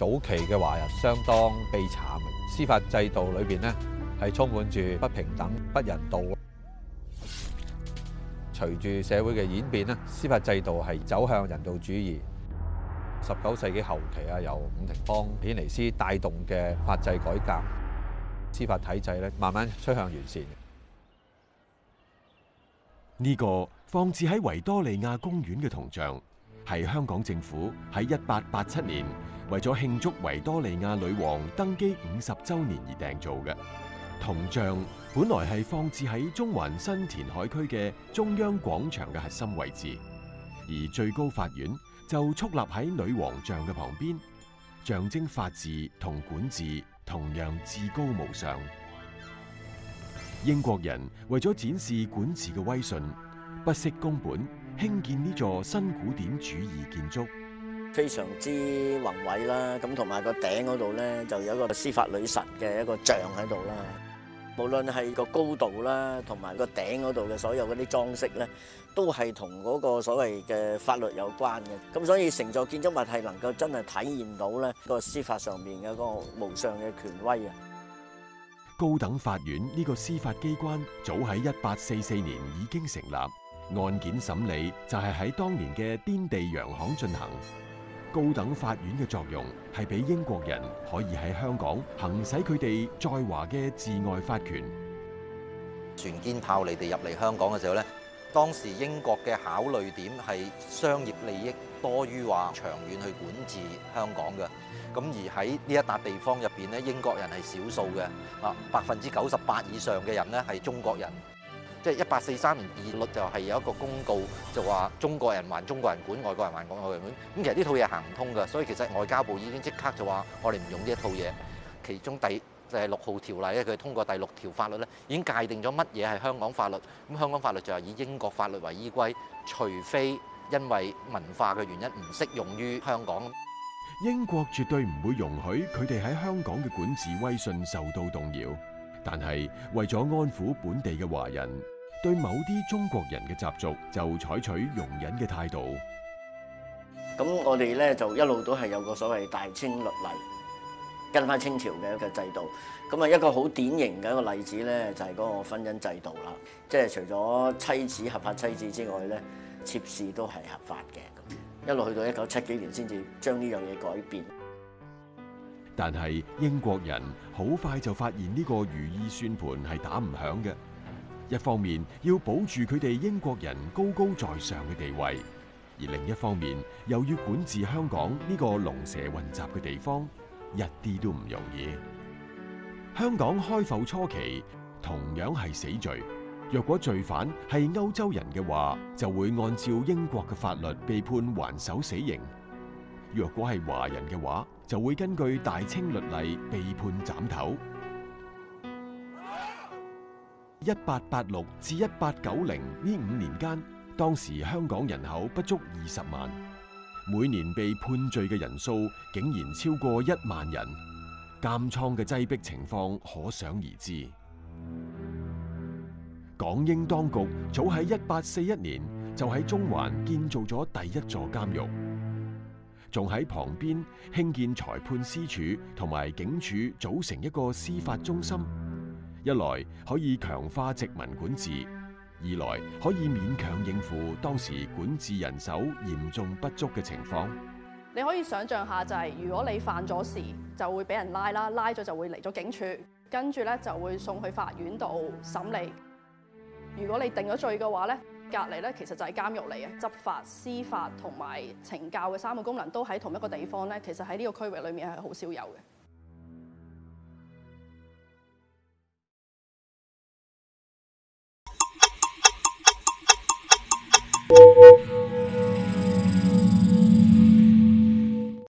早期嘅華人相當悲慘嘅司法制度裏邊咧，係充滿住不平等、不人道。隨住社會嘅演變咧，司法制度係走向人道主義。十九世紀後期啊，由伍廷芳、軒尼詩帶動嘅法制改革，司法體制咧慢慢趨向完善。呢個放置喺維多利亞公園嘅銅像係香港政府喺一八八七年，為咗慶祝維多利亞女王登基五十周年而訂造嘅銅像，本來係放置喺中環新填海區嘅中央廣場嘅核心位置，而最高法院就矗立喺女王像嘅旁邊，象徵法治同管治同樣至高無上。英國人為咗展示管治嘅威信，不惜工本興建呢座新古典主義建築。非常之宏偉啦，咁同埋個頂嗰度呢，就有一個司法女神嘅一個像喺度啦。無論係個高度啦，同埋個頂嗰度嘅所有嗰啲裝飾呢，都係同嗰個所謂嘅法律有關嘅。咁所以成座建築物係能夠真係體現到呢個司法上面嘅嗰個無上嘅權威啊！高等法院呢個司法機關早喺一八四四年已經成立，案件審理就係喺當年嘅邊地洋行進行。高等法院嘅作用係俾英國人可以喺香港行使佢哋在華嘅治外法權。船堅炮利地入嚟香港嘅時候咧，當時英國嘅考慮點係商業利益多於話長遠去管治香港嘅。咁而喺呢一笪地方入面，咧，英國人係少數嘅啊，百分之九十八以上嘅人咧係中國人。即係一八四三年二月就係有一個公告，就話中國人還中國人管，外國人還外國人管。咁其實呢套嘢行唔通㗎，所以其實外交部已經即刻就話，我哋唔用呢一套嘢。其中第就係六號條例咧，佢通過第六條法律咧，已經界定咗乜嘢係香港法律。咁香港法律就係以英國法律為依歸，除非因為文化嘅原因唔適用於香港。英國絕對唔會容許佢哋喺香港嘅管治威信受到動搖。但係為咗安撫本地嘅華人，對某啲中國人嘅習俗就採取容忍嘅態度。咁我哋咧就一路都係有個所謂大清律例，跟翻清朝嘅一個制度。咁啊一個好典型嘅一個例子咧就係、是、嗰個婚姻制度啦，即係除咗妻子合法妻子之外咧，妾侍都係合法嘅。一路去到一九七幾年先至將呢樣嘢改變。但係英國人好快就發現呢個如意算盤係打唔響嘅。一方面要保住佢哋英國人高高在上嘅地位，而另一方面又要管治香港呢個龍蛇混雜嘅地方，一啲都唔容易。香港開埠初期同樣係死罪，若果罪犯係歐洲人嘅話，就會按照英國嘅法律被判還手死刑。若果係華人嘅話，就會根據《大清律例》被判斬頭。一八八六至一八九零呢五年間，當時香港人口不足二十萬，每年被判罪嘅人數竟然超過一萬人，監倉嘅擠逼情況可想而知。港英當局早喺一八四一年就喺中環建造咗第一座監獄。仲喺旁邊興建裁判司署同埋警署，組成一個司法中心。一來可以強化殖民管治，二來可以勉強應付當時管治人手嚴重不足嘅情況。你可以想象下，就係如果你犯咗事，就會俾人拉啦，拉咗就會嚟咗警署，跟住咧就會送去法院度審理。如果你定咗罪嘅話咧，隔離咧，其實就係監獄嚟嘅，執法、司法同埋懲教嘅三個功能都喺同一個地方咧。其實喺呢個區域裏面係好少有嘅。